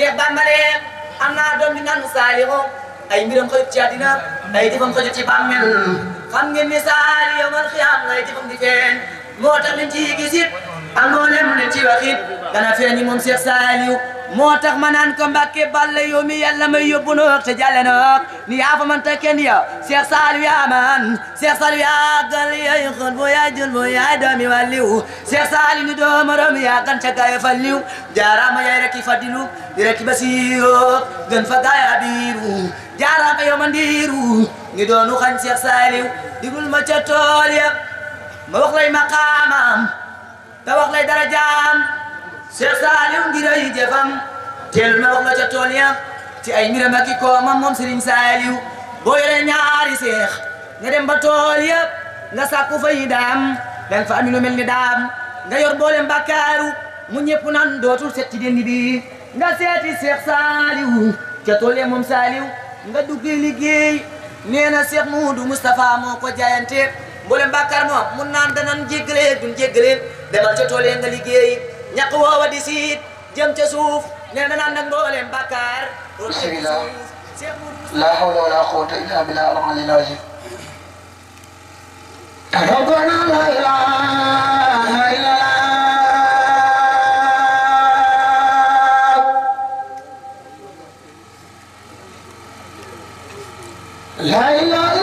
Seex Bamba a am naa doom bi naan Saalihu ay mbiram xojut ci àddina ay jëfam xojut ci bàmmeel xam ngeen ni saali yow man xiyaam lay jëfam di feeñ moo tax liñ ci gisit amoo leen ne ci waxit dana feeñ moom Seex Saalihu moo tax ma naan ko Mbàkke Balla yow mi yàlla may yóbbu noog ni yaa man ta kenn ya Cheikh Saliou yaa man yaa gal yaay xol bo yaa doomi wàlliw Cheikh Saliou ni doomaram yaa gan ca gaay fa jaaraama yaay rek fadilu di rek basiiro fa gaay abiru jaaraama yow mandiru ni doonu xañ Cheikh Saliou digul ma ca tool ya ma wax lay maqaamam te wax lay darajaam Seex Saaliw ngir ay jëfam teel ma wax la ca tool ya ci ay mbiram ak i koomam moom Sëriñ Saaliw boo yore ñaari seex nga dem ba tool ya nga sàkku fay daam danga fa lu mel ni daam nga yor boolem bàkkaaru mu ñëpp naan dootu seet ci dénn bi nga seeti Seex Saaliw ca tool ya moom Saaliw nga duggi liggéey nee na Seex Muudu Moustapha moo ko jaayante mboolem bàkkaar moom mun naan danan jéggale duñ jéggale demal ca tool ya nga liggéey ñaq woowa di siit jëm ca suuf nee na naan nag mbooleem bàkkaar bismillah laa hawla wala quwwata illa billah al-aliyyil azim rabbana la ilaha illa la ilaha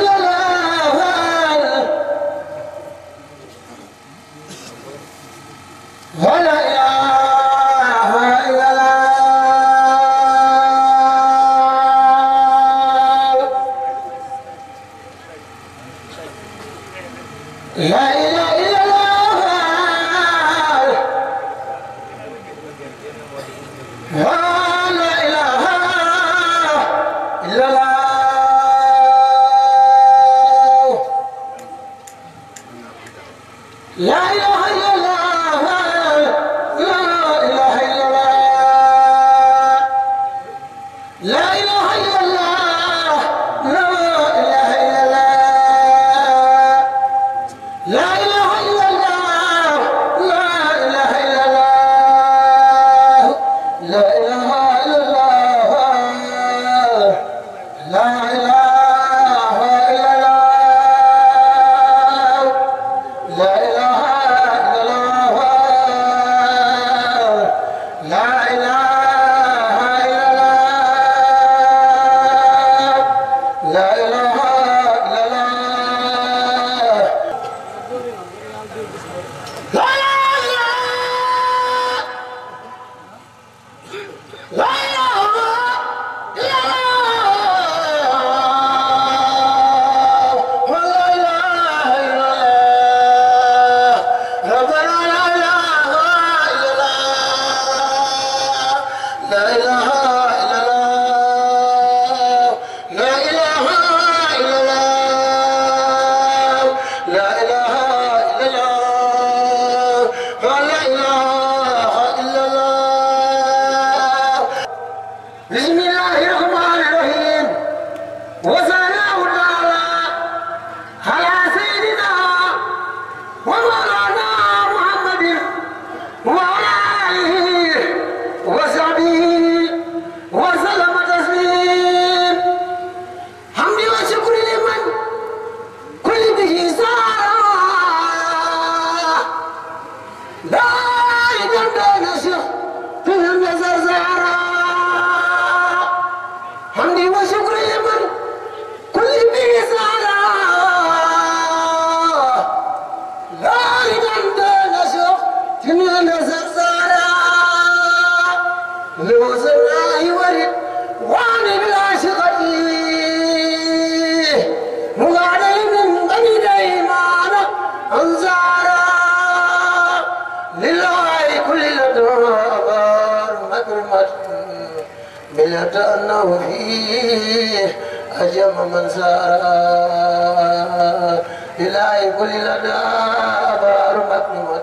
إلهي قل لنا أبار مكنوة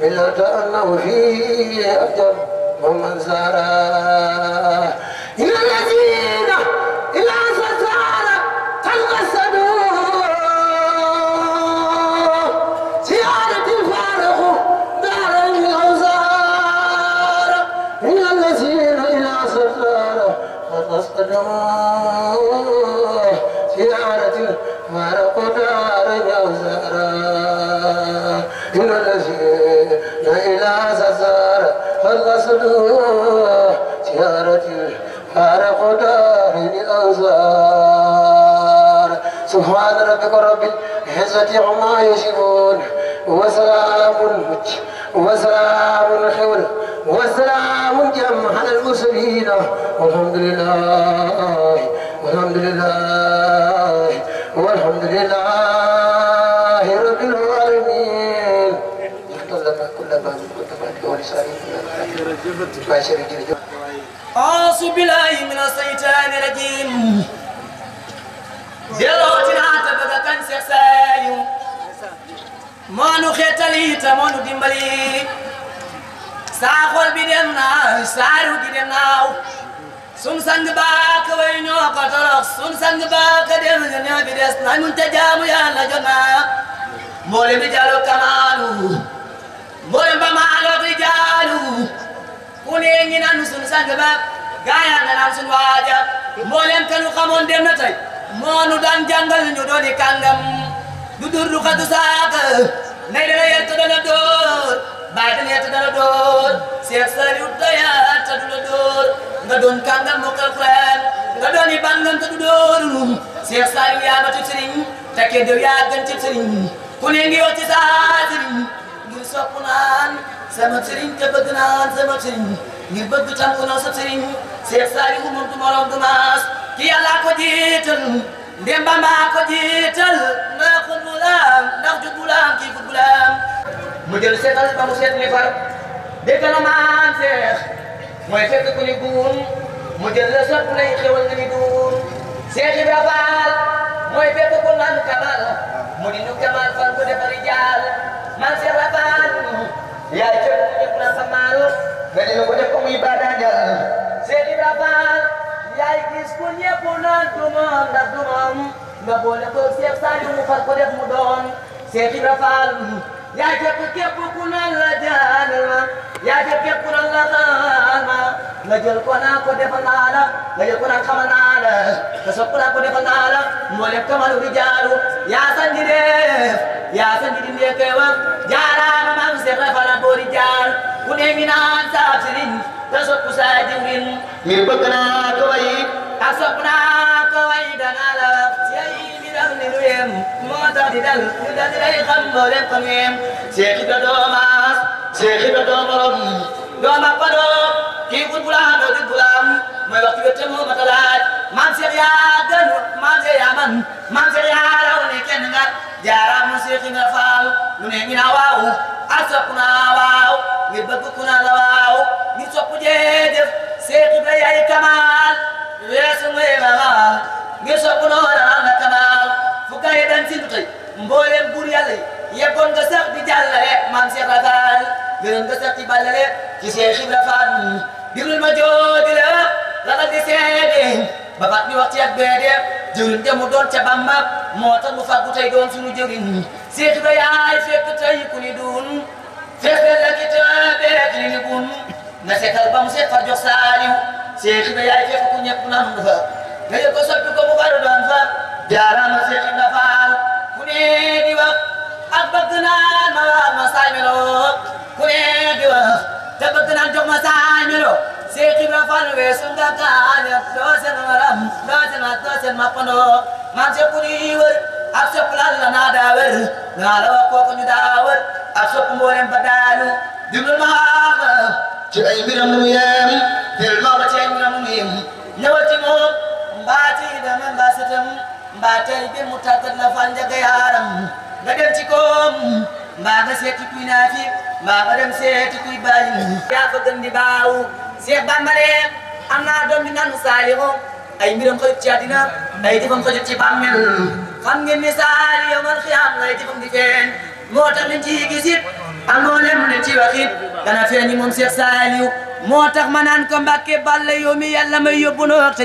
ملة أنه فيه أجر ومن زاره إلى الذين إلى ستار خلق الصدور زيارة الفارق دار الأوزار إلى الذين إلى ستار خلق الصدور فالأسد زيارتي فارق داري أنصار سبحان ربك رب العزة عما يصفون وسلام المج وسلام الحول وسلام جمع على المرسلين والحمد لله والحمد لله والحمد لله أعوذ بالله من الشيطان الرجيم دلوتنا تبقى كان سيسايو moo nu xeetali moo nu dimbali saa xol bi dem naaw saa ru gi dem naaw sun sang baak way ñoo ko torox sun sang baak dem ñoo bi des nañu te jaamu yàlla jot naa mboole bi jalo ku ne ñi naan sunu sang ba gaa yaa nga naan sunu waaja mboolem kanu xamoon dem na tey moonu daan jàngal ñu doon i kàngam du dur du xatu saaka nay dana yett dana dóor baay dana yett dana dóor seex sariwut dayaat ta nga doon kàngam mokkal Quraan nga doon i bàngam ta du dóorum seex sariw yaa ma cib sëriñ te keddew yaa gën cib ci saa sëriñ ngir sopp sama sëriñ te bëgg naa sama sëriñ ngir bëgg tam ku na sa sëriñ seet saalihu mun du morom du maas ki yàlla ko jiital ndemba maa ko jiital ndax xubulaam ndax jubulaam kii xubulaam mu jël seetal ba mu seet li far dégg na maan seex mooy fekk ku ni buum mu jël la sopp lay xewal nga ni buum seex Ibra Faal mooy fekk ku naan kamal mu di nu kamal fan ko defari jaal man seex la faal yaay jëf jëfna samaaro nga dina ko def comme ibada ñal seeni rabal yaay gis ku ñëpp naan duma ndax duma nga boole ko Seex Saaliw mu ko def mu doon seeti rabal yaa jëpp képp ku ne la jaanal ma yaa jëpp képp ku ne la xaal ma nga jël ko naa ko defal naa la nga jël ko naa xamal naa la te sopp naa ko defal naa la mboolem kamalu rijaalu yaa san di def yaa san di di nekkee wax jaaraama maam Seex Fara boori jaar ku ne mi naan saab sëriñ te sopp saa jiwrin ngir bëgg naa ko way ak sopp naa ko way danaa la moo daal di dal ñu daal di lay xam loo leen ko ñeem Cheikh Ibra doomaas Cheikh Ibra doom borom doom ak padoo kii fut bulaam doo dit bulaam mooy waxtu wette moo ma talaaj maam Cheikh yaa gën maam Cheikh yaa man maam Cheikh yaa raw ne kenn nga jaaraam mu Cheikh Ibra Faal mu ne ñu naa waaw ak sopp naa waaw ngir bëgg ku naa la waaw ñu sopp jee def Cheikh Ibra yaay kamaal weesu muy ba ngir sopp noo la kamaal temps yee daan séntu tey mbooleem buur yàlla yi yeggoon nga sax di jàllale maam di Ibra Fall ci ballale ci Cheikh Ibra Fall dirul ma jooju la lala di seede ba baat bi wax ci ak bee mu doon ca Bamba moo ta mu fàggu tey doon suñu jëwriñ Cheikh Ibra yaay fekk tey ku ni duun fexe la ki taabeek li ni bun na seetal ba mu seet fa jox saaliw Cheikh Ibra yaay fekk ku ñëpp naan fa ngaya ko soppi ko mu war a doon fa jaaraama Seex Ibra Faal ku ne di wax ak bëgg naan ma ma ku ne di wax te bëgg naan jox ma saamelo Seex Ibra Faal weesu nga kaane doo seen waram doo seen at doo seen mappandoo man se ku di wër ak sopp laal la la wax kooku ñu daa wër ak sopp mboolem ba daanu dimlu maa ci ay mbiram lu mu yem fil ci ay mbiram lu mu yem ñëwal ci moom mbaa sëtam mbaa tey bi mu tàggat la fal njaga yaaram nga dem ci koom mbaa nga seeti kuy naafi mbaa nga dem seeti kuy bàyyi yaa fa gën di baaw Seex Bamba ne am naa doom bi naan Saalihu ay mbiram xëyut ci àddina ay jëfam xëyut ci bàmmel xam ngeen ni Saali yow man xiyaam lay jëfam di feeñ moo tax liñ ci gisit amoo leen ne ci waxit dana feeñ moom Seex Saalihu moo tax ma naan ko Mbàkke Balla yow mi yàlla may yóbbu noog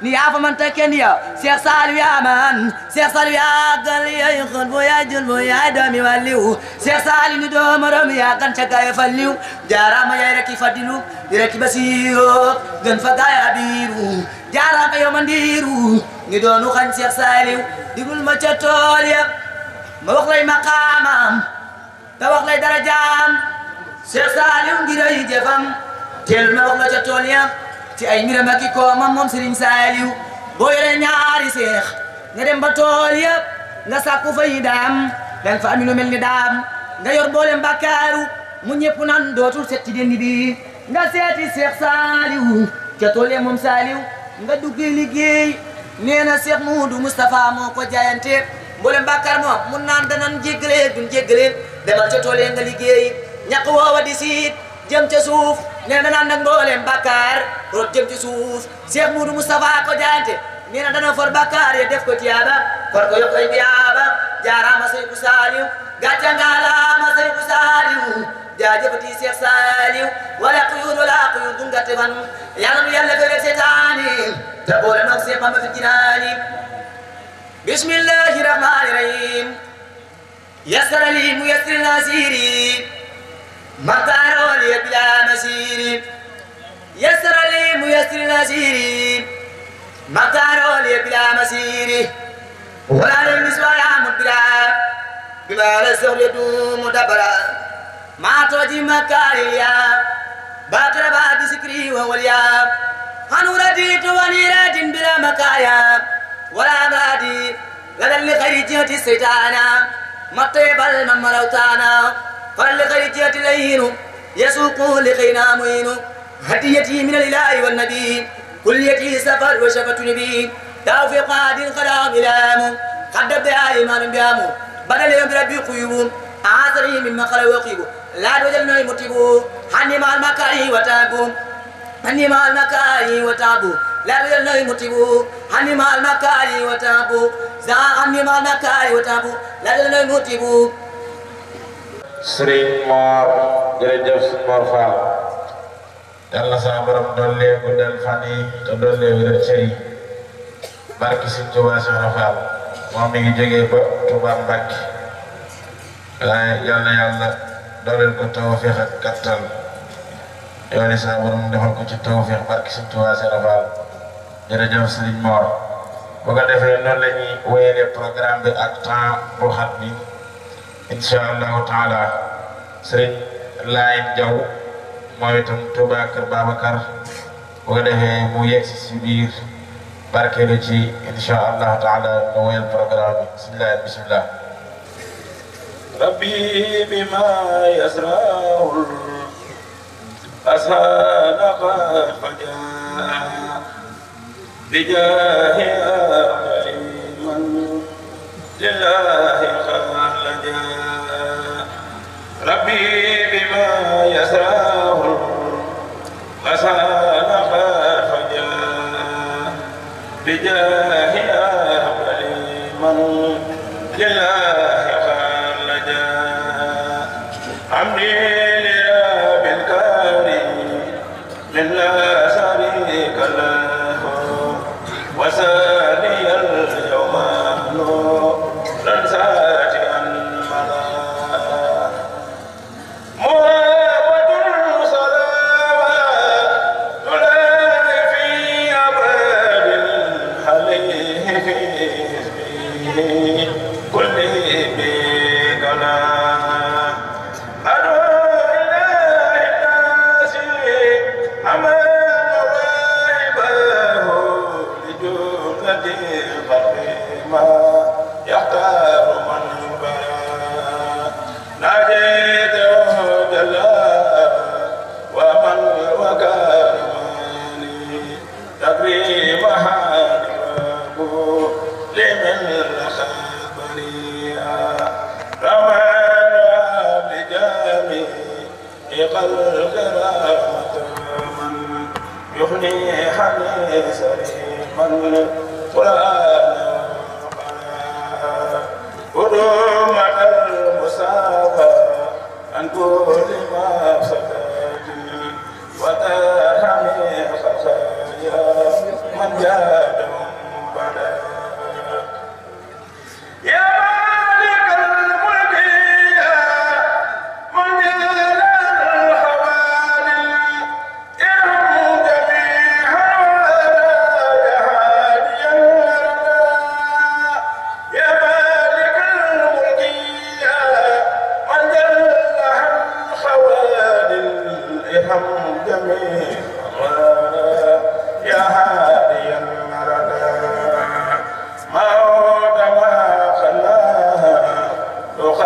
ni yaa man ta kenn yow Cheikh Saliou yaa man Cheikh Saliou yaa gal yaay xol bu yaay doomi wàlliw Cheikh Saliou ni doomu yaa gan ca gaay fa liw jaaraama yaay rek fadilu di rek fa gaay abiru jaaraama yow ni doonu xañ Cheikh Saliou digul ma ca tool ma wax lay maqaamam te wax darajaam Seex Saaliw ngir ay jëfam teel ma wax la ca tool ya ci ay mbiram ak i koomam moom Sëriñ Saaliw boo yore ñaari seex nga dem ba tool ya nga sàkku fay daam danga fa lu mel ni daam nga yor boolem bàkkaaru mu ñëpp naan dootul seet ci dénn di nga seeti Seex Saaliw ca tool moom Saaliw nga duggi liggéey nee na Seex Muudu Moustapha moo ko jaayante mboolem bàkkaar moom mun naan danan jéggale duñ jéggale demal ca tool ya nga liggéey ñaq woowa di jëm ca suuf nee na naan nag mbooleem bàkkaar root jëm ci suuf Cheikh Moudou Moustapha jaante nee na for bàkkaar ya def ko tiyaaba for ko yokk ay tiyaaba jaaraama Seydou Saliou gàcca ngaalaama Seydou Saliou jaajëfati Cheikh Saliou wala xuyudu laa xuyudu nga teban yàlla nu yàlla gërëm seetaani te boole nag Cheikh Mame fi jinaani bismillahi rahmani rahim yassara li mu yassir مختار ولي بلا مسير يسر لي ميسر نسير مختار ولي بلا مسير ولا لي مسوايا مدبرا بلا رسول يدوم دبرا ما توجي مكاريا باكر باب سكري ووليا هنو رديت ونيرات بلا مكايا ولا مرادي لدى الخير جهة السيطانا مطيب المملوتانا قال لغير جهة الأين يسوق لغينا معين هديتي من الإله والنبي كليتي سفر وشفت نبي توفيق عاد خلام إلام قد بها إيمان بيام بدل يوم ربي قيوم عاصري مما خلق وقيب لا دوجل نوي مطيب حني مع المكاري وتابو حني مع المكاري وتابو لا دوجل نوي مطيب حني مع المكاري وتابو زا حني مع المكاري وتابو لا دوجل نوي مطيب Serigne Mor jërëjëf si Mor Fall yàlla saa borom dollee guddal fan yi te dollee wéral cër yi barki si Touba moom mi ngi jógee ba Touba Mbacke waaye yàlla yàlla dooleel ko tawfeex ak kattan yoone saa borom defal ko ci tawfeex barki si Touba Soxna Fall jërëjëf Serigne Mor defee noonu la ñuy programme bi ak temps bu xat insha allahu taala sëriñ Laayit Jaw mooy itam Tuuba kër Babacar bu ko defee mu yegsi si biir barkeelu ci insha allahu taala nu woyal programme bi bisimilah bisimilah rabbi bima yasraul asana qad fajaa bijaahi man lillahi جاء ربي بما يسراه غسان خاف جاء بجاه أهل من لله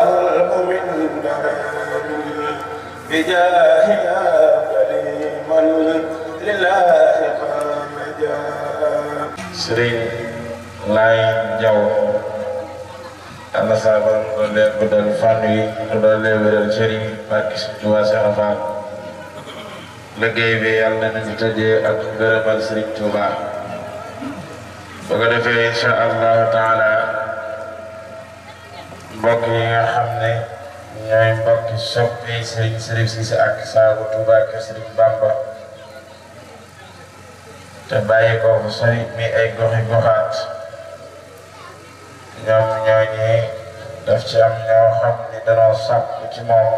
القلب من دمام بجاه يا كريم لله قام جاء سرين لاين جو ana saabam doon leen guddal fan yi mu doon leen wéral sëriñ barki Sëriñ Tuubaa Seex Faal liggéey bi yàlla nañu tëjee ak gërëmal Sëriñ Tuubaa bu ko defee incha allahu taala mbokk yi nga xam ne ñooy mbokki soppe sëriñ Sërif Siise ak saabu Tuuba ak sëriñ Bàmba te bàyyi ko fu sori mi ay goxi goxaat ñoom ñooñee daf ci am ñoo xam ne danoo sàkku ci moom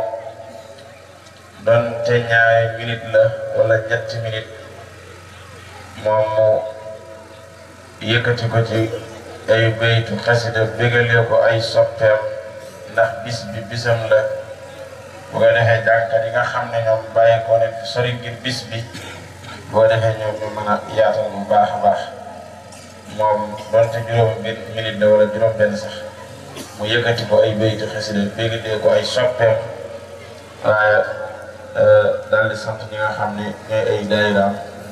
donte ñaari minute la wala ñetti minute moom mu yëkkati ko ci ay baytu xasida bégalee ko ay soppeem ndax bis bi bisam la bu ko defee jànkat nga xam ne ñoom bàyyi ko ne sori ngir bis bi boo defee ñoom bu baax a baax moom donte juróom bir minute la ko ay baytu xasida ko ay soppeem waaye euh, daal sant ñi nga xam ne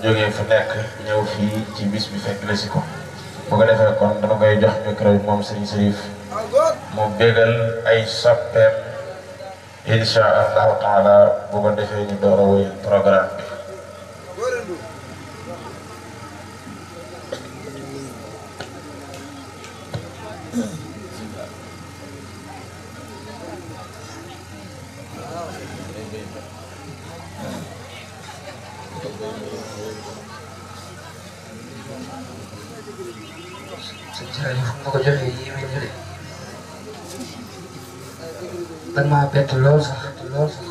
ñooy ay fu nekk ñëw fii ci bis bi fekk la si ko bu ko defee kon dama koy jox micro bi moom Serigne Serif mu bégal ay soppeem incha allahu taala bu ko defee programme bett lool sax lool sax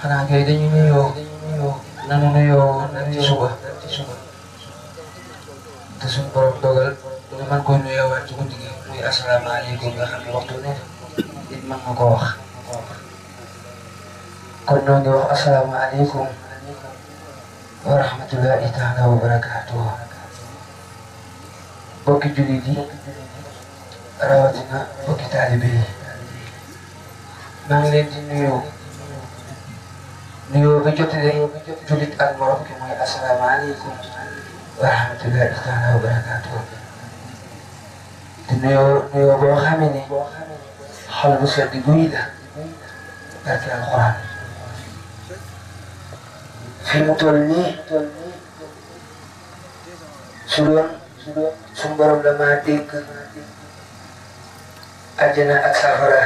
xanaa kay dañu nuyoo nanu nuyoo ci suba ci suba te suñu borom dogal ñu mën koo nuyoowaat ci guddi gi muy asalaamaaleykum nga xam ne waxtu ne nit mën na koo wax kon ñoo ngi wax asalaamaaleykum wa rahmatullahi taala wa barakaatuhu bokki jullit yi rawatina bokki taalibe yi maa ngi leen di nuyu nuyoo bi jotale julit ak morom ki mooy asalaamaaleykum wa rahmatullahi taala wa barakaatuh di nuyoo nuyoo boo xam ne xol bu sedd guy la barke alquran fi mu toll nii su doon su borom la maa dégg àjjana ak safara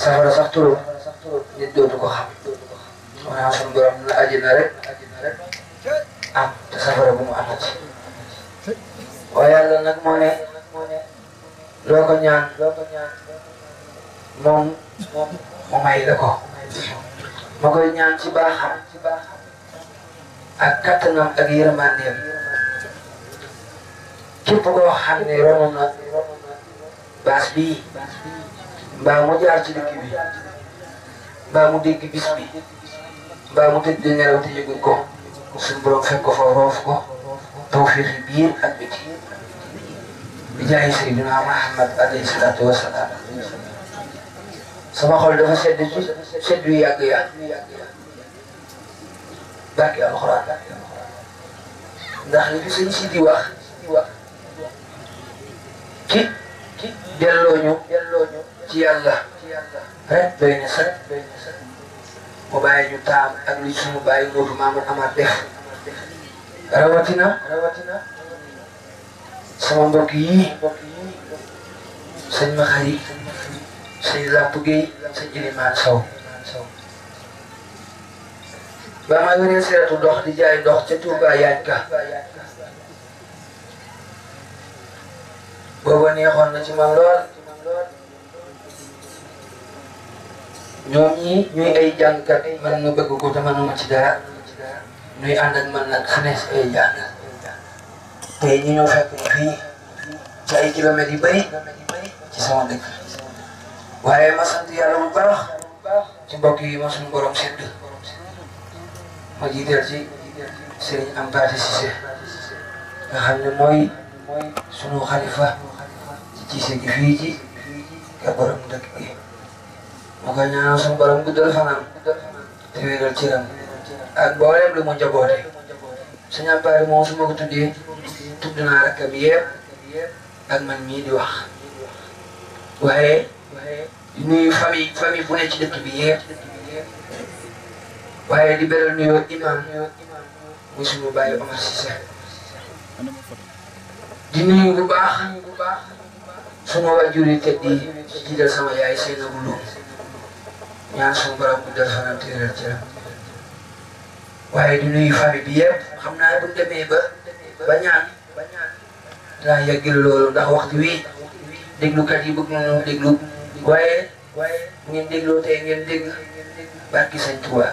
safara sax turu nit dootu ko xam maanaam suñu borom na àjjana rek am te safara bu mu amati waaye yàlla nag moo ne loo ko ñaan moom mu may la ko ma koy ñaan ci baaxam ak kattanam ak yërmandeem képp koo xam ne romb na baax bii mbaa mu jaar ci dëkk bi mbaa mu dégg bis bi mbaa mu tëdd nelaw te yëgul ko suñu borom fekk ko fa roof ko tawfiix yi biir ak biti bi jaay Seydina Muhammad alayhi salaatu wa salaam sama xol dafa sedd ci sedd yu yàgg yàgg barke alxuraan ndax li fi sëñ si di wax ci delloo ñu ci yàlla rek eh, doy na sax mu bàyyi ñu taam ak li suñu bàyyi Moodu Maamul Amar def rawatina sama mbokk yii sëñ Maxari sëñ Làpp Géey sëñ Ilimaan Sow ba ma yoree seetu ndox di jaay ndox ca Touba Yaañ Ka booba neexoon na ci man lool ñoom ñi ñuy ay jàngkat man ma bëgg ko te manuma ci dara ñuy ànd ak man nag xanees ay jàng tey ñu ñëw fekk ñu fii ci ay kilomètres yu bëri ci sama dëkk waaye ma sant yàlla bu baax ci mbokk yi ma suñu borom sedd ma jiiteel ci sëriñ Ampaté Cissé nga xam ne mooy sunu xalifa jiise gi fii ci kër borom dëkk bi mu ko ñaanal suñu borom guddal fanam te wéeral ciram ak eh, booleem lu mu njaboote suñu ampaari moom su ma ko tuddee tudd naa rakkam yépp ak man mii di wax waaye nuyu famille famille bu ne ci dëkk bi yépp di beral nuyoo imam muy suñu bàyyi Omar Cissé di nuyu bu baax sama waajur yi tedd yi ci jiital sama yaay seen abu lu ñaan sama borom guddal fanam téeral ci waaye di nuyu famille bi yëpp xam naa bu demee ba ba ñaan dinaa yàggil loolu ndax waxtu wi déglukat yi bëgg nañu déglu waaye ngeen dégloo tey ngeen dégg barki Sëñ Tuubaa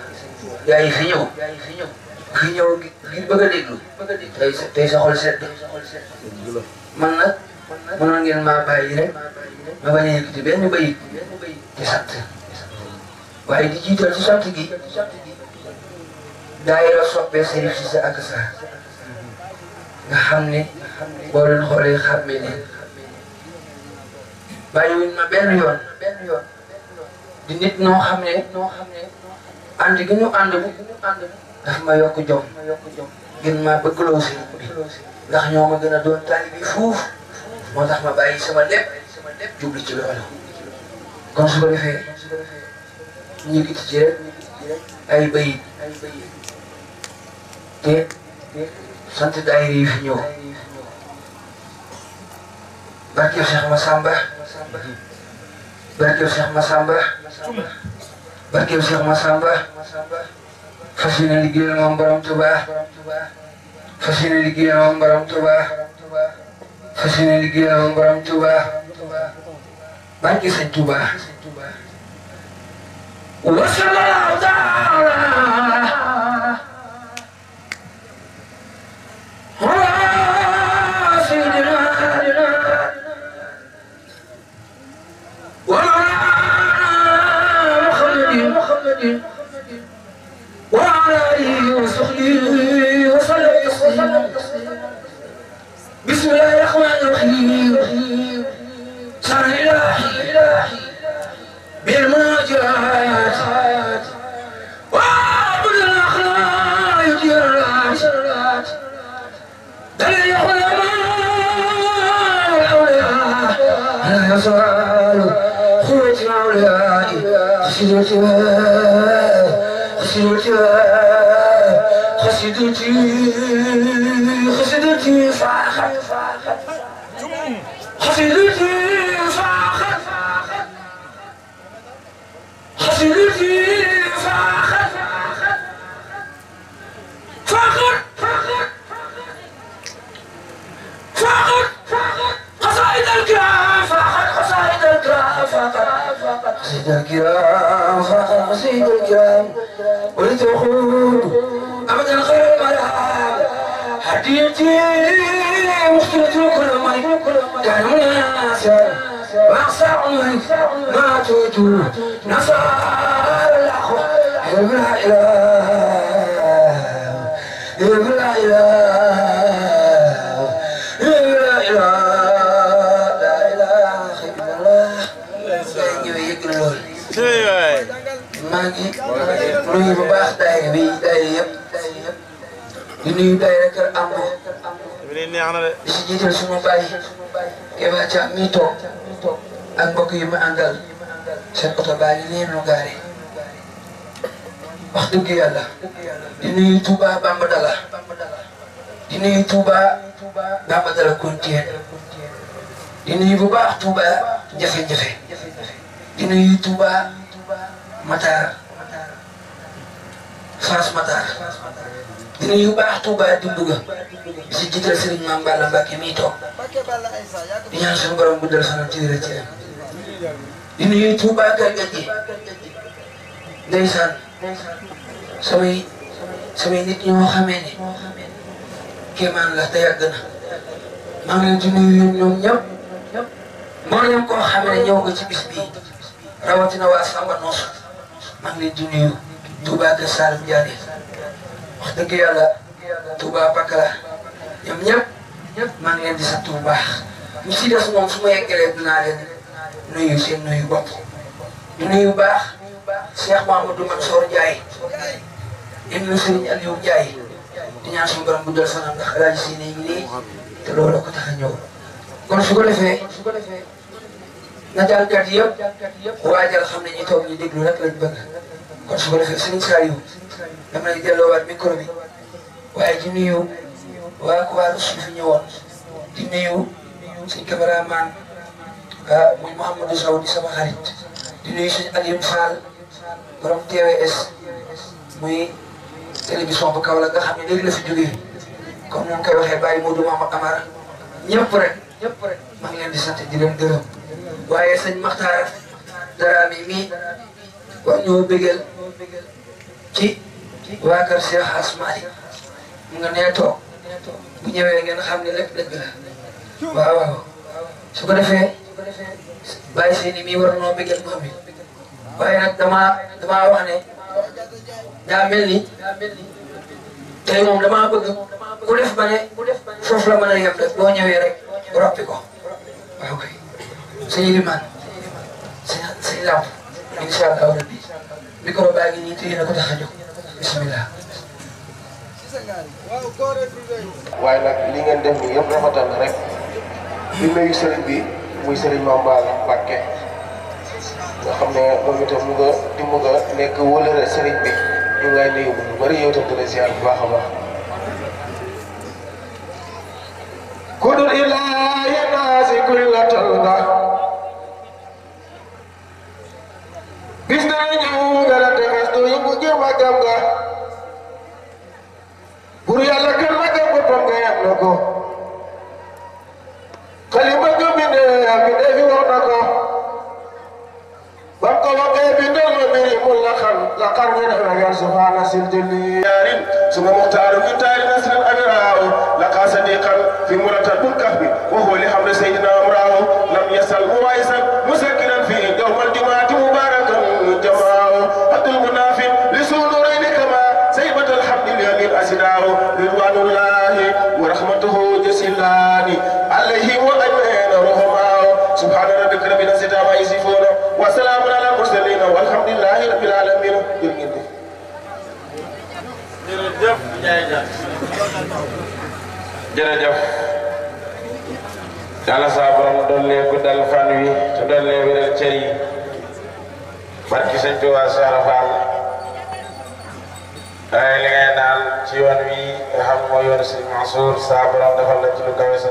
yaa ngi fi ñëw fi ñëw ngir bëgg a déglu tey sa tey sa xol sedd man nag na ngeen maa bàyyi rek ma bañ a yëkkati benn bayit sant waaye di jiital ci sant gi daayira soppee sëriñ si sa ak sa nga xam ne boo leen xoolee xàmmee ne bàyyiwuñ ma benn yoon di nit ñoo xam ne ànd gi ñu ànd bu daf ma yokk jom gën ma bëggloo si ndax ñoo ma gën a doon taalibi fuuf moo tax ma bàyyi sama lépp jublu ci loolu kon su ko defee ñu ngi ci rek ay bayit te sant daayira yi fi ñëw barkeb Cheikh Massamba barkeb Cheikh Massamba barkeb Cheikh Massamba fas yéene liggéeyal moom borom Tuubaa fas yéene liggéeyal moom borom fas yéene liggéeyam borom Tuuba barke Sëñ Tuuba wa sallallahu taala أنا سؤال خيرة مولاي خسرتي خسرتي خسرتي سيدنا الكرام خاتم سيدنا الكرام ولتخوض أبدا خير المرام هديتي مختلة كل مي كان مناسا وأقصى عمري ما توتو نصار الأخ حلمنا إله nuyu Bayraka Amna. di si jiital suñu baay. Kéba Thiam mi toog. ak mbokk yi mu àndal. seen oto baa ngi nii nu gaare. wax dëgg yàlla. di nuyu Touba Bamba Dala. di nuyu Touba Bamba Dala Kontien. di nuyu bu baax jafe-jafe. di nuyu Touba Matar. Fass Matar. di yu baax Touba Dundu ga di si jiital Serigne Mame Balla Mbacke mii toog di ñaan suñu borom guddal fanam ci wér ci leen di nuyu Touba ji ndeysaan samay samay nit ñoo xamee ne kéemaan la te yàgg na maa ngi leen di nuyu ñoom ñëpp mboolem koo xamee ne ñëw nga ci bis bii rawatina waa Samba Noosu maa ngi leen di nuyu wax dëgg yàlla Touba Pakala ñoom ñëpp ñëpp maa ngi leen di sant bu baax ñu si des moom su ma yeggalee dinaa leen nuyu seen nuyu bopp di du baax Cheikh Mamadou Mansour Ndiaye ibnu Serigne Aliou Ndiaye di ñaan suñu borom bu dal sanam ndax alaaji si ne nii te loolu ko tax a ñëw kon su ko defee na jàllkat yëpp waajal xam ne ñu toog ñu déglu rek lañ bëgg kon su ko defee Serigne Saliou damay delloowaat micro bi waaye di nuyu waa waa Russie fi ñëwoon di nuyu suñ cameraman ah, muy Mouhamadou Sow di sama xarit di nuyu suñ Alioune Fall borom TVS muy télévision bu kaw la xam ne léegi la fi jógee comme moom koy waxee bàyyi Modou Mamadou Amara ñëpp rek ñëpp rek maa ngi di sant di leen gërëm waaye sëñ Maxtaar dara mi mii war ñoo bégal ci waa kër Cheikh Asmani mu nga nee toog bu ñëwee ngeen su ko defee bàyyi seen i mii war noo bëggal moom it waaye nag damaa wax ne daa mel ni tey moom damaa bëgg ku def ba foofu la mën a yem boo ñëwee rek roppi ko waaw kay sëñ Limane sëñ sëñ Lamp micro baa ngi nii te yéen a ko tax a jóg bisimilah. waaye nag li ngeen def nii yëpp rek di nuyu sëriñ bi muy sëriñ Mame Bara nga xam ne moom itam nga di nga nekk wóolare sëriñ bi ñu ngay nuyu bu bari yow itam dina ziar bu baax a baax. كن إلى ينازل كل تلقى bis danañu galante xas doo yóbbu jéem a gàm nga pour yàlla gën ma gëm boppam nga yàq na ko xalima ko bindee fi wax na ko bam ko waxee bindal ma mbiri mu la xam la xam nga def na yàlla subhaana sil jëli yaarin suma muxtaaru fi taari nasrin abiraaw la xaasadiqan fi murata fan wi te doon leen wéral cër barki sëñ Tuubaa Seex Faal waaye li naan ci yoon wi nga xam mooy yoon sëñ Mansour saa borom defal la ci lu kawe sa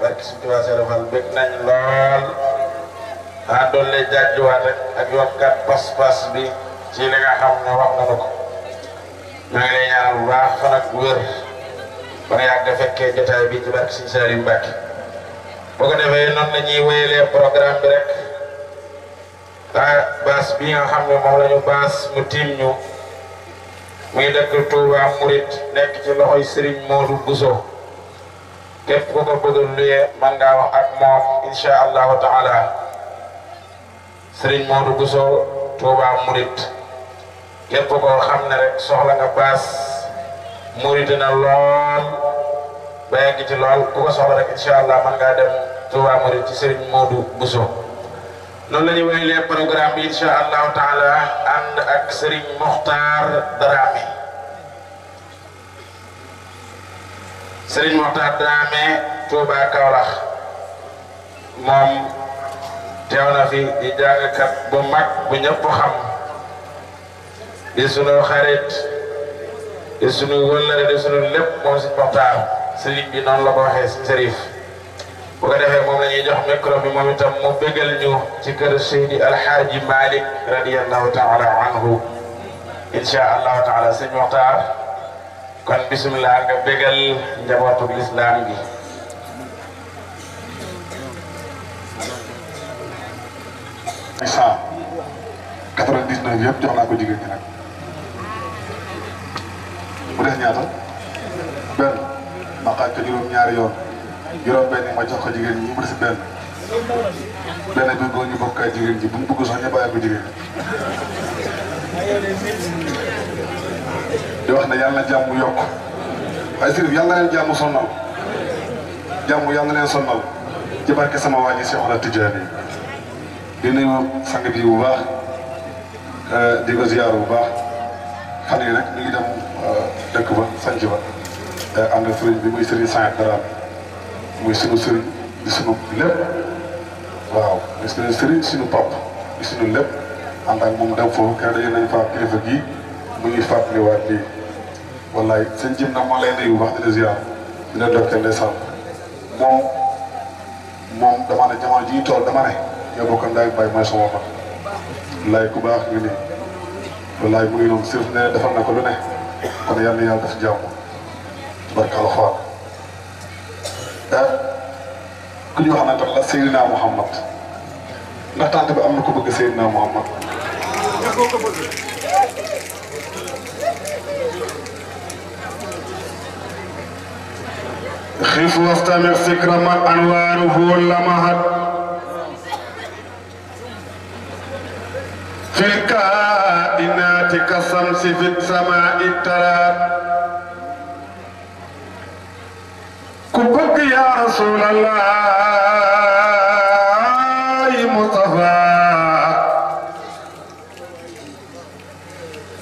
barki sëñ Tuubaa Seex Faal bëgg nañ lool daa doon lay jàjjuwaat rek ak yokkat pas-pas bi ci li xam ne wax nanu ko ñoo ngi lay ñaanal bu baax fan ak wér ba barki boo ko defee noonu la ñuy wéyalee programme bi rek baas bi nga xam ne moom la baas mu tiim ñu muy dëkk Touba Mouride nekk ci loxoy Serigne Modou Bousso képp ku ko bëgg a luyee man ngaa ak moom incha allahu taala Serigne Modou Bousso Touba Mouride képp koo xam ne rek soxla nga baas Mouride na lool. ba yegg ci lool ku ko soxla rek incha allah mën ngaa dem Touba Mouride ci Serigne Modou Bousso noonu la ñuy wéyalee programme bi incha allahu taala ànd ak Serigne Mokhtar Dramé Serigne Mokhtar Dramé moom teew na fi di jàngkat bu mag bu ñëpp xam di sunu xarit di sunu wëllare di sunu lépp moom si Mokhtar. sëriñ bi noonu la ko waxee sërif bu ko defee moom la ñuy jox micro bi moom itam mu bégal ñu ci kër Seydi Alxaaji Malick radiyallahu taala anhu insha allahu taala sëñ Moxtaar kon bisimilah nga bégal njabootu lislaam bi cent quatre-vingt-dix-neuf yëpp jox naa ko jigéen ñi nag mu des ñaata benn ma xaaj ko juróom-ñaari yoon juróom-benn ma jox ko jigéen ñi mu des benn benn bi góor ñu bokk ak jigéen ji bu mu bëgg sax jigéen di wax ne yàlla na jàmm yokk waaye sëriñ yàlla na leen jàmm sonnal jàmm yàlla na leen sonnal ci barke sama waa ji Seexuna Tijaani di nuyu sang bi bu eh, di ko ziar bu baax eh, ba sanc Euh, ànd ak sëriñ bi muy sëriñ Saint Dara muy sunu sëriñ di sunu lépp waaw muy sunu sëriñ sunu pap di sunu lépp ànd ak moom dem foofu kenn daje nañ fa kilifa gii mu ngi fàttaliwaat lii wallaay sëñ Jim nag maa lay nuyu wax dina ziar dina dokkeel ndeysaan moom moom dama ne jamono ji ñu tool dama ne ñoo bokk ndaay bàyyi mooy sama mag ku baax nga nii wallaay mu ngi noonu surtout ne defal na ko lu ne kon yàlla yàlla def jàmm barke alxuraan ah, ku ñu wax na tax la Seydina Muhammad ndax tante bi am na ko bëgg Seydina Muhammad خف واستمع سكر من أنواره لمهت في الكائنات كالشمس في السماء الترات كبك يا رسول الله مصطفى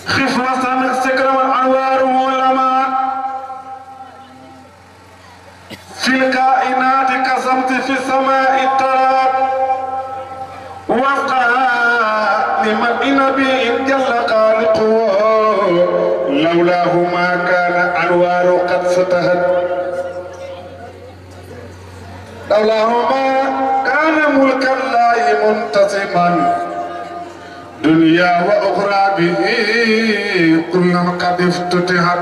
خفوة سكرم الأنوار مولما في الكائنات كسمت في السماء الطراب وفقها لمن نبي جل خالقه لولاه ما كان أنوار قد فتحت لولاهما كان ملك الله منتظما دنيا وأخرى به كلما قد افتتحت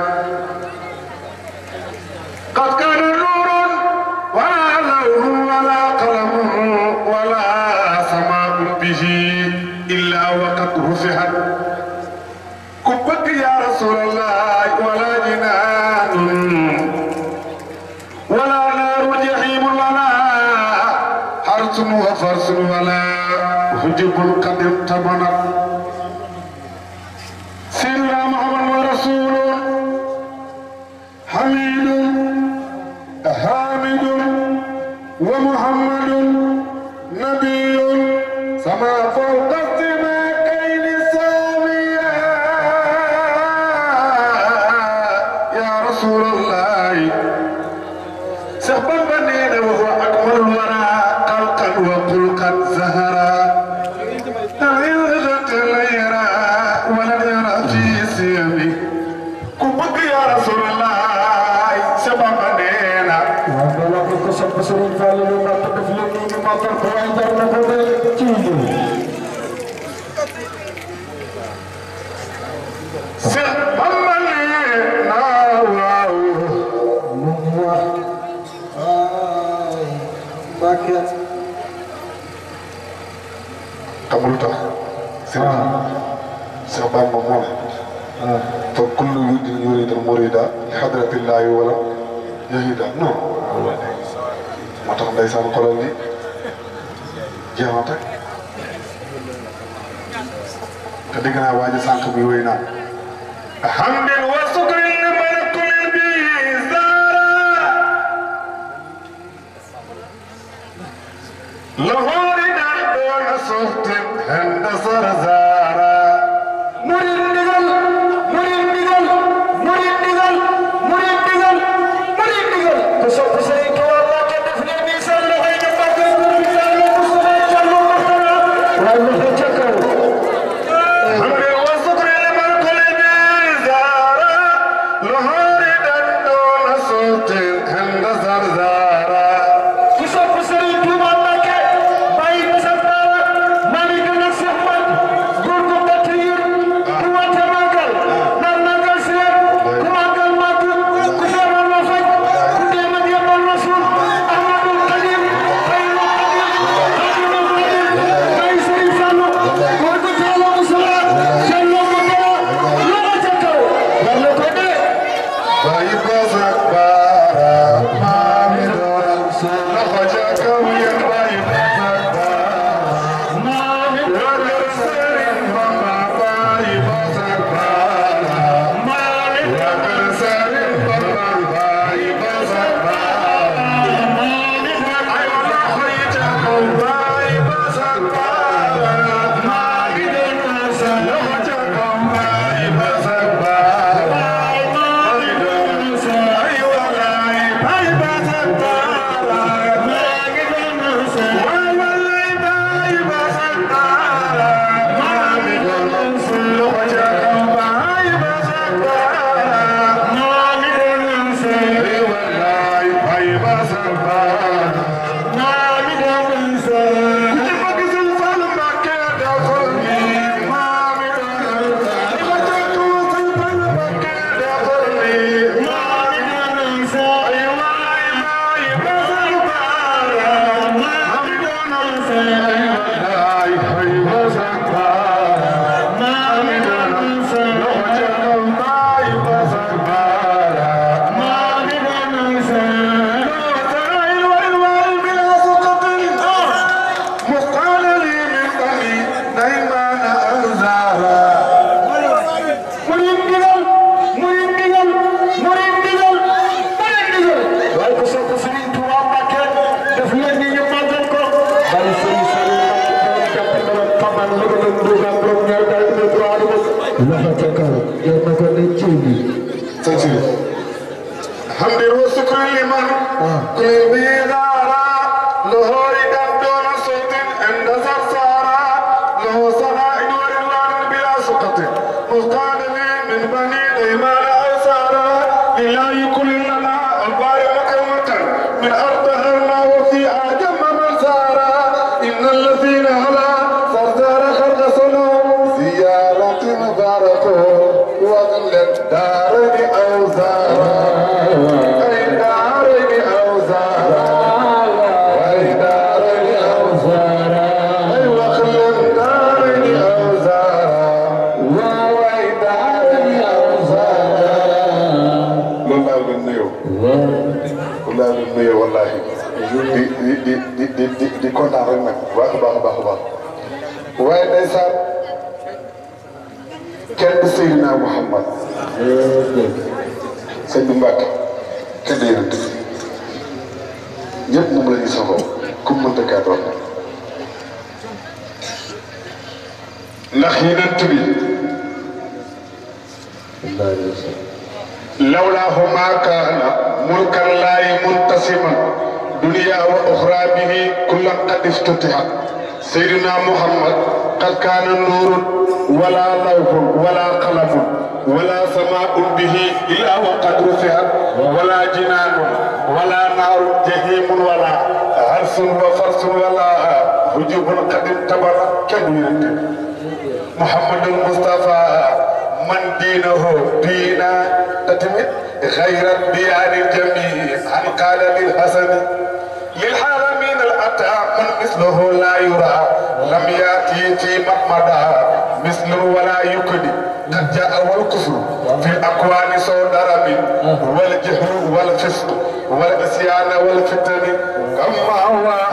فرس ولا هجب قد اقتمن lillaahi wala yahida non moo tax ndeysaan xolal bi jeexoon rek te dégg naa waa ji sànq bi wéy naan hamdin wa sukrin malakul bi zara lahori naa doon softin handa sara di kontaan rek nag bu baax a baax a baax a baax waaye ndeysaan kenn du Seydina Mouhamad. sëñ bi Mbacke kenn du yonent ñëpp moom la ñuy soxla ku mu mënta gàddu wax ndax yonent bi lawlaahu maa kaana mulkan laahi muntasiman duniyaa wa uxraa bihi وقد قد افتتحت سيدنا محمد قد كان نور ولا لوح ولا قلم ولا سماء به إلا وقد رفعت ولا جنان ولا نار جهيم ولا عرس وفرس ولا هجوب قد انتبه كبيرة محمد المصطفى من دينه دينا تتمت غير الديان الجميع عن قال للحسن للحرم أتى من مثله لا يرى لم يأتي في مقمدا مثله ولا يكدي قد جاء والكفر في الأكوان صود ربي والجهل والفسق والعصيان والفتن كما هو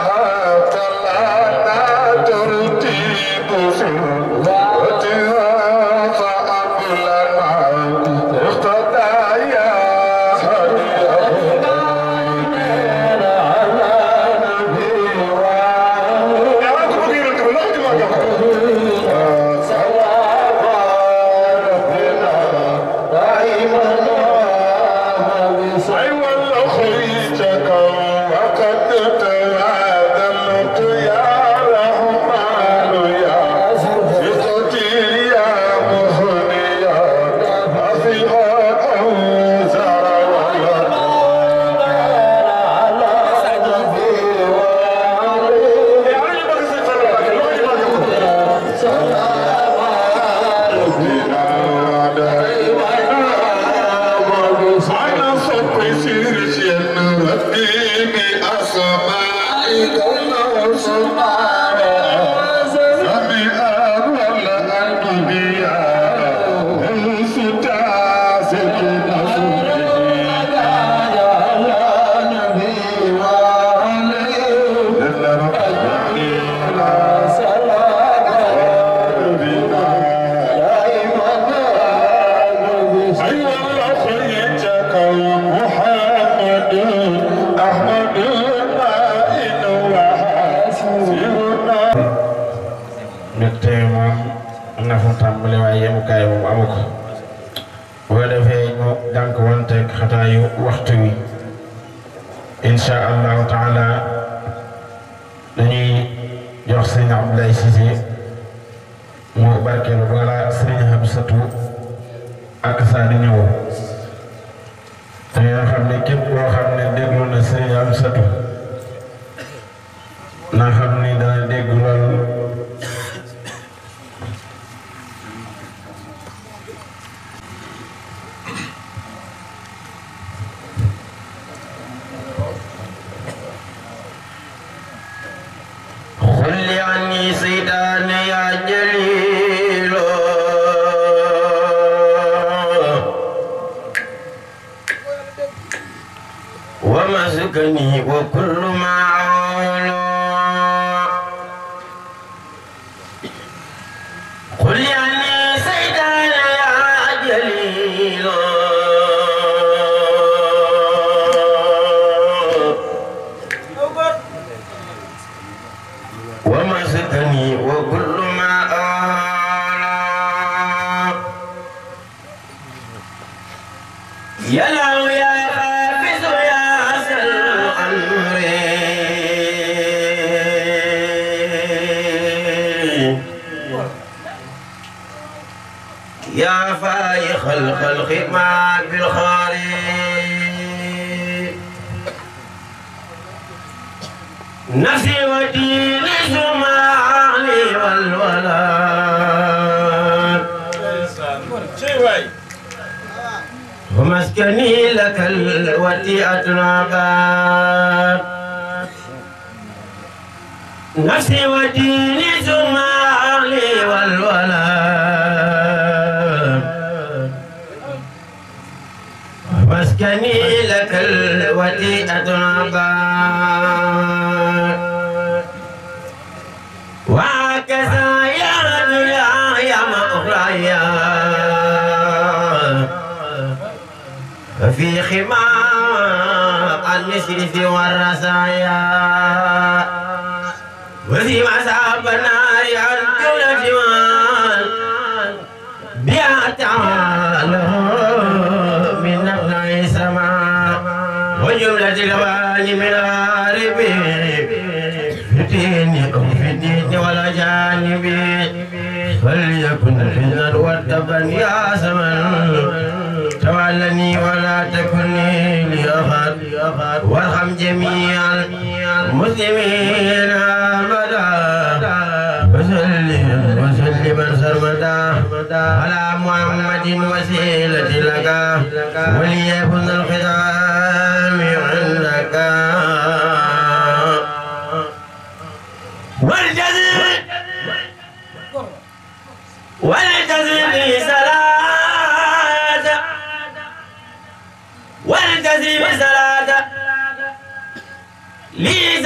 الدين أنفديك ولا جانبي فليكن حزنا وارتبا يا زمن تولني ولا تكني لي أخر وارحم جميع المسلمين أبدا وسلم وسلما سرمدا على محمد وسيلة لك وليكن الخطاب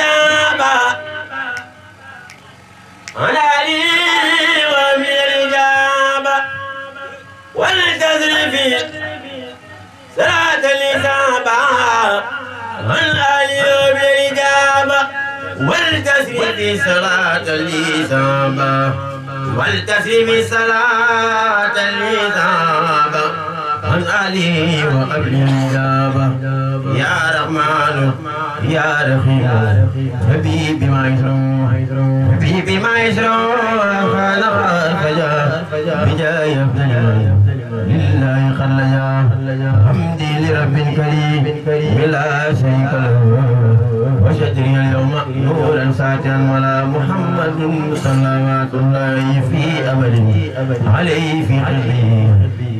حسابا على لي وفي الإجابة والجزر في صلاة الإجابة والآلي بالإجابة والجزر في صلاة الإجابة والتسليم صلاة الإجابة والعلي وقبل مجابة يا رحمن يا رحيم حبيبي ما يسرون حبيبي ما يسرون فانا خرجا بجاي ابن لله خلجا حمدي لرب كريم بلا شريك له وشجري اليوم نورا ساتيا ولا محمد صلوات الله في ابد عليه في قلبي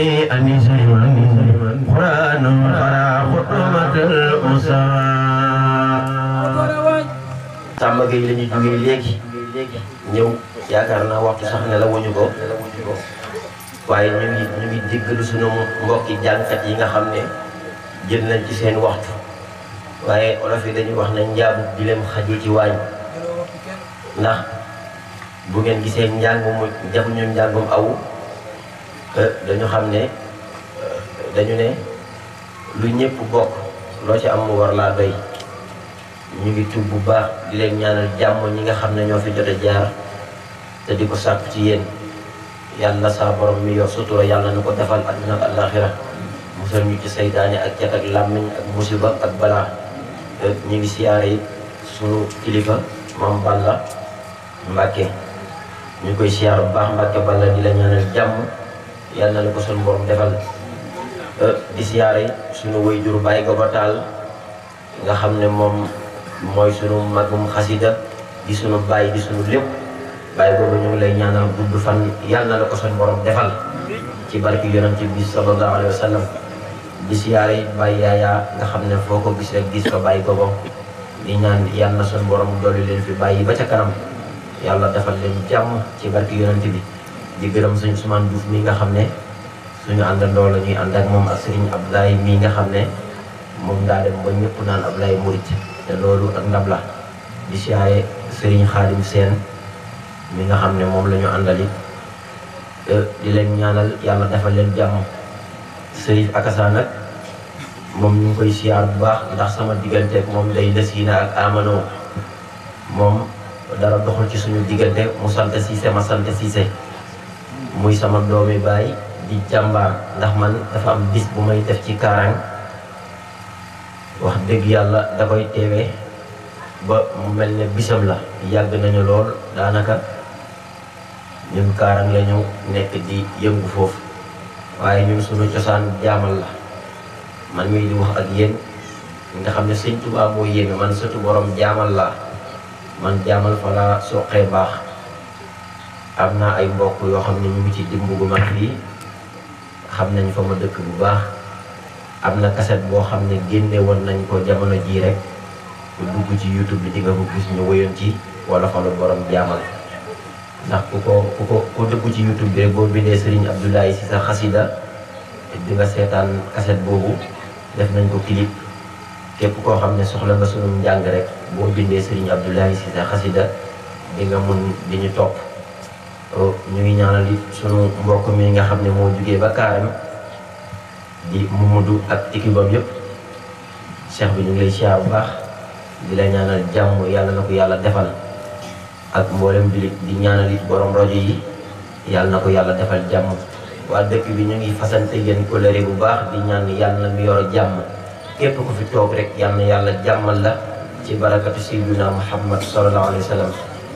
أمي أمي زيمان قرآن خرا خطمة الأسرى léegi ñëw yaakaar naa waxtu sax ne la wuñu ko waaye ñu ngi ñu ngi diggalu suñu mbokki jàngkat yi nga xam ne jël nañ ci seen waxtu waaye olof yi dañuy wax na njaabu di leen ci waañ ndax bu ngeen gisee njàng mu jafuñu njàngum aw te euh, dañu xam ne euh, dañu ne lu ñëpp bokk loo ci am mu war laa bay ñu ngi tub bu baax di leen ñaanal jàmm ñi nga xam ne ñoo fi jot a jaar te di ko sàkk ci yéen yàlla saa borom mi yor sutura yàlla na ko defal àddina ak àllaaxira musal ñu ci saytaane ak cat ak làmmiñ ak musiba ak balaa euh, ñu ngi siyaare yi sunu kilifa maam Balla Mbàkke ñu koy siyaar bu baax Mbàkke Balla di la ñaanal jàmm yal na ko suñu borom defal di siyaare suñu wayjur bàyyi ko ba taal nga xam ne moom mooy suñu mu xasida di suñu bàyyi di suñu lépp bàyyi boobu ñu ngi lay ñaanal gudd fan yal na la ko suñu boroom defal ci barki yonent bi sallallahu alayhi wa sallam di yaa bàyyi nga xam ne foo ko gis rek gis fa bàyyi ko di ñaan yal na suñu borom dolli leen fi bàyyi ba ca kanam yàlla defal leen jàmm ci barki yonent bi di gërëm sëñ Ousmane Diouf mi nga xam ne suñu àndandoo la ñuy ànd ak moom ak sëriñ Abdoulaye mii nga xam ne moom daa dem ba ñëpp naan Abdoulaye Murit te loolu ak ndab la di siyaare sëriñ Xaadim Seen mi nga xam ne moom la ñu àndali di leen ñaanal yàlla defal leen jàmm sëriñ Akasa nag moom ñu koy siyaar bu baax ndax sama digganteeg moom lay des yi na ak amano moom dara doxul ci suñu diggante mu sant Cissé ma sant Cissé muy sama doomi baay di jàmbaar ndax man dafa am bis bu may def ci kaaraan wax dëgg yàlla da koy teewee ba mu mel ne bisam la yàgg nañu lool daanaka ñun kaaraan la ñu nekk di yëngu foofu waaye ñun suñu cosaan jaamal la man mii di wax ak yéen nga xam ne sëñ Tuubaa moo yéeme man sëtu borom jaamal laa man jaamal fa laa soqee baax am naa ay mbokk yoo xam ne ñu ngi ci dimb gu mag bi xam nañ fa ma dëkk bu baax am na kaset boo xam ne génnewoon nañ ko jamono jii rek ku dugg ci youtube bi di nga ko gis ñu wéyoon ci wala xolu borom jaamal ndax ku ko ku ko ku dugg ci youtube bi rek boo bindee Serigne Abdoulaye si sa xasida di nga seetaan kaset boobu def nañ ko clip képp koo xam ne soxla nga sunu njàng rek boo bindee Serigne Abdoulaye si sa xasida di mun di ñu topp Oh, ñu ngi ñaanal di sunu mbokk mi nga xam ne moo jugee ba kaaram di mu Momadou ak équipe am yëpp cheikh bi ñu ngi lay siyaar bu baax di la ñaanal jàmm yàlla na ko yàlla defal ak mboolem jullit di ñaanal it rajo yi yàlla na ko yàlla defal jàmm waa dëkk bi ñu ngi fasante yéen colère bu baax di ñaan yàlla na mu jàmm képp ku fi toog rek yàlla yàlla jàmmal la ci barakatu sayyidina Muhammad sallallahu alayhi wa sallam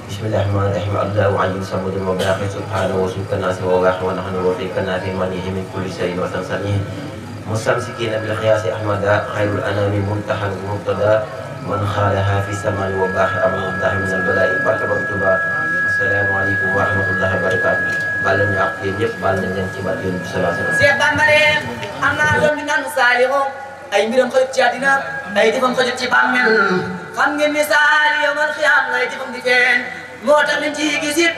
bismillahi rahmaani rahiim allahu aliim samadu wa baaxi subhaanahu wa subka naasi wa waaxi wa nahnu wa fika naafi man yihi min kulli shay'in wa samsanihi mustamsikina bil xiyaasi ahmada xayrul anami muntahan murtada man xaalaha fi samani wa baaxi aman dahi min albalaa'i barka ba tuba asalaamu aleykum wa rahmatullahi wa barakaatuh bal nañu àq yéen ñëpp bal nañ leen ci barke yéen bi salaa sallam Seex Bambare am naa doon di naan saalixo ay mbiram xëy ci àddina ay jëfam xajul ci bàmmeel xam ngeen ni saali yawmal xiyaam lay jëfam di feeñ moo tax liñ ci gis it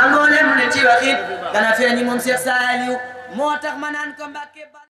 ak moo leen liñ ci wax it dana feeñ moom Cheikh Saliou moo tax ma naan ko Mbàkke